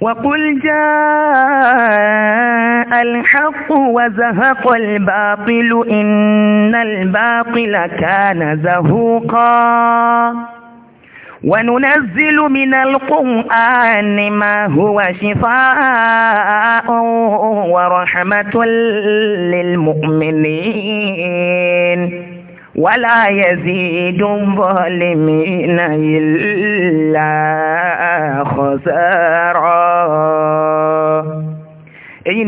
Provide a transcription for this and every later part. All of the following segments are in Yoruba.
وقل جاء الحق وزهق الباطل إن الباطل كان زهوقا وننزل من القرآن ما هو شفاء ورحمة للمؤمنين ولا يزيد الظالمين إلا خسارا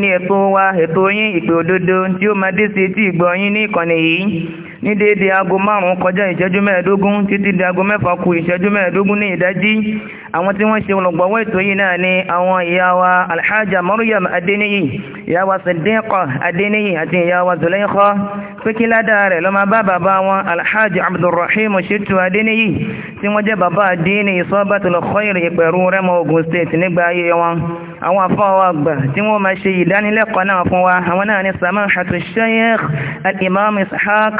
yìí ni ètò wa ètò yín ìpè òdodo tí ó máa dé sí etí ìgbọ́ yín ní ìkànnì yìí ní déédéé aago márùn-ún kọjá ìṣẹ́jú mẹ́ẹ̀ẹ́dógún títí di aago mẹ́fà kù ìṣẹ́jú mẹ́ẹ̀ẹ́dógún ní ìdájí àwọn tí wọ́n ṣe olùgbọ̀wọ́ ètò yìí náà ni àwọn ìyá wa alhaja maryam adeniyi ìyá wa sadiqa adeniyi àti ìyá wa zulaikha pé kí ládàá rẹ̀ lọ́mọ bá bàbá wọn alhaji abdulrahim shitu adeniyi tí wọ́n jẹ́ bàbá àdínì ìsọ́bàtì lọ kọ́yìnrì ìpẹ̀rú rẹ́mọ Ògùn state nígbà ayé wọn àwọn afọ́wọ́ àgbà tí wọ́n máa ṣe ìdánilẹ́kọ̀ọ́ náà fún wa àwọn náà ni samahatu sheikh al-imam ishaq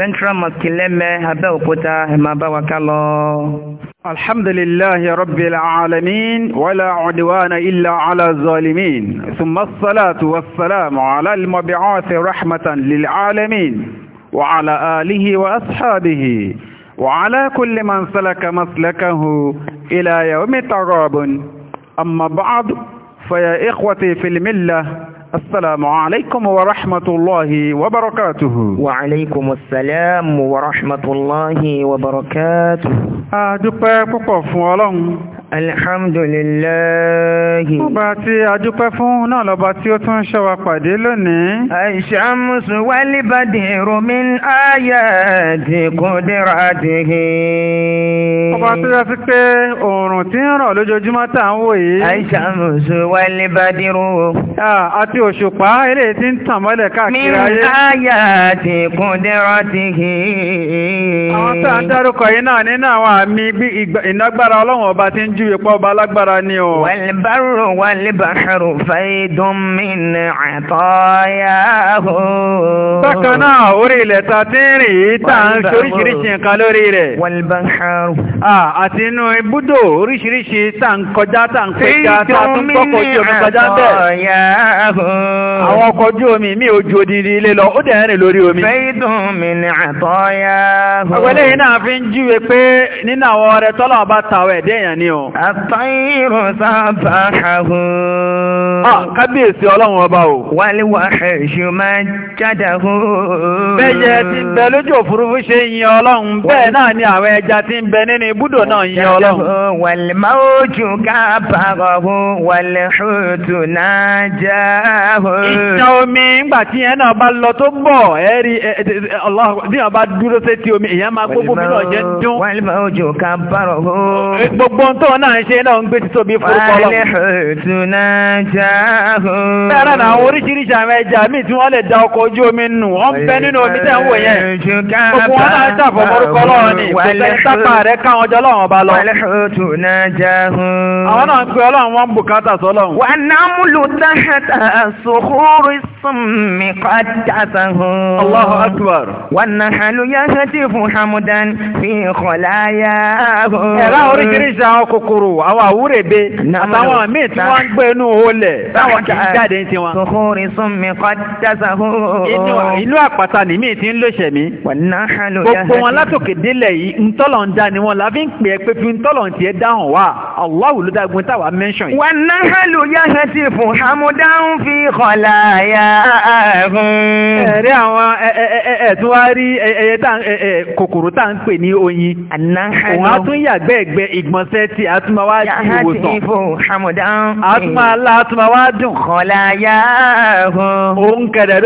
central mosque lẹ́mẹ́ abẹ́òkúta ẹ الحمد لله رب العالمين ولا عدوان إلا على الظالمين ثم الصلاة والسلام على المبعوث رحمة للعالمين وعلى آله وأصحابه وعلى كل من سلك مسلكه إلى يوم تغاب أما بعد فيا إخوتي في الملة السلام عليكم ورحمة الله وبركاته وعليكم السلام ورحمة الله وبركاته adúpẹ́ púpọ̀ fún ọlọ́run alhamdulillahi ọba tí adúpẹ́ fún náà lọba tí ó tún ń ṣọ́ wa pàdé lónìí àìṣàmùsù wálébàdì romin ayati qudratihi wa tó yá sí pé oòrùn tí ń rọ̀ lójoojúmọ́ tà ń wò yìí. àìṣàmùsù wà ní bádírú o. àti òṣùpá ilé tí ń tàn mọ́lẹ̀ káàkiri ayé. mi àyà ti kún dẹ́rọ́ ti hì àwọn tó ń dárúkọ yìí náà nínú àwọn àmì bí ìnágbára ọlọ́run ọba ti ń júwe pọ́ ọba alágbára ni o. wàlíbárò wàlíbàṣọrò fàyèdùn mi ní àtọ́yà o. bákan náà orí ilẹ̀ ta àti inú ibùdó oríṣiríṣi tá ń kọjá tá ń pẹja tá tún tọ́kọ̀ ojú omi kọjá bẹ́ẹ̀. àwọn ọkọ̀ ojú omi mi ò ju odidi ilé lọ ó dẹ̀rìn lórí omi. fẹ́ẹ́dùn mi ni àtọ́yà. ọ̀gbẹ́lẹ̀ yìí náà fi ń júwe pé nínú àwọn ọrẹ tọ́lọ̀ bá ta ẹ̀dẹ́ èèyàn ni o. àtọ́yìnrún sábà hàhùn. kábíyèsí ọlọ́run ọba o. wálé wà ẹ̀ṣù máa jáde hùn. bẹ́ẹ̀ yẹ ti bẹ lójú Búdò náà yẹ ọlọ́run. Wàlẹ̀ ó jù ká bàrọ̀ hún, wàlẹ̀ ṣòtù náà já hún. Ìṣàn omi ńgbà tí yẹn náà bá lọ tó bọ̀, ẹ́rí ọlọ́run bí wọ́n bá dúró sí omi, ìyẹn máa gbogbo mi náà jẹ́ dún. Wàlẹ̀ ó jù ká bàrọ̀ hún. Gbogbo tó náà ń ṣe náà ń gbé ti tóbi forúkọ lọ. Wàlẹ̀ ṣòtù náà já hún. Bẹ́ẹ̀ náà oríṣiríṣi àwọn ẹja ọlọ́run ọba lọ. Wàlẹ́hùtù náà jáhùn. Àwọn náà ń pe ọlọ́run wọ́n ń bùkátà sọ́lọ́run. Wà náà mú lù táhàtà sòkúrú sùnmi kọ́tàtà hùn. Allahu akbar. Wà náà hàlù yá fún Hamudan fi kọ̀láyà hùn. Ẹ̀rá oríṣiríṣi àwọn kòkòrò, àwọn àwúrèbe, àtàwọn míì tí wọ́n ń gbé inú olè táwọn kì í jáde ń ti wọn látòkè délẹ̀ yìí, ntọ́lọ̀ ń dá ni pè é pé fi ń tọ́lọ̀ tiẹ̀ dáhùn wá Allahu ló dágun táwa mẹ́ṣọ̀n wọn náà hàlù yá ṣe ti fún hamudan fi kọlà ya ààrùn. ẹ̀rẹ́ àwọn ẹ̀ẹ̀tún wá rí ẹyẹ kòkòrò tá à ń pè ní oyin. òun á tún yàgbẹ́ ẹ̀gbẹ́ ìgbọ̀nsẹ̀ tí a tún máa wá di ìwòsàn. yá ṣe fún hamudan. a tún máa la a tún máa wá dùn. kọlà ya ààrùn. òun kẹ̀rẹ̀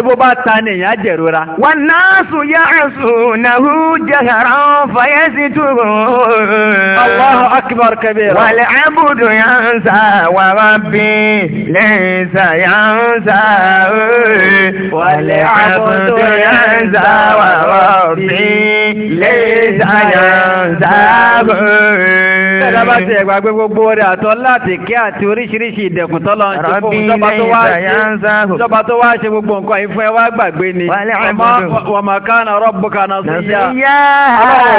الله أكبر كبير والعبد ينسى وربي ليس ينسى والعبد ينسى وربي ليس ينسى Ẹ̀rọ̀bá ti ẹ̀gbà gbé gbogbo rẹ̀ àtọ́ láti kí àti oríṣiríṣi ìdẹ̀kùn tọ́lọ ń ṣe fún ìjọba tó wá ṣe gbogbo nǹkan ìfún ẹwà gbàgbé ni. Wọ́n máa kánà rọ́bùkánà sí yá.